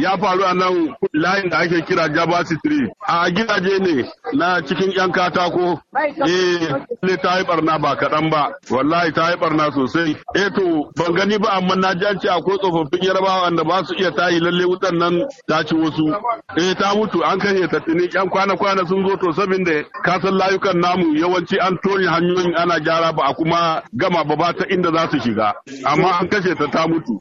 ya faru a nan layin da ake kira Jaba Street. A gidaje ne na cikin 'yan katako. Eh, ne ta yi barna ba kaɗan ba. Wallahi ta yi barna sosai. Eh to, ban gani ba amma na jan ce akwai tsofaffin yarabawa da ba su iya tayi lalle wutan nan ta ci wasu. Eh ta mutu an kashe ta tuni 'yan kwana-kwana sun zo to saboda kasan layukan namu yawanci an tone hanyoyin ana gyara ba a kuma gama ba ba ta inda za su shiga. Amma an kashe ta ta mutu.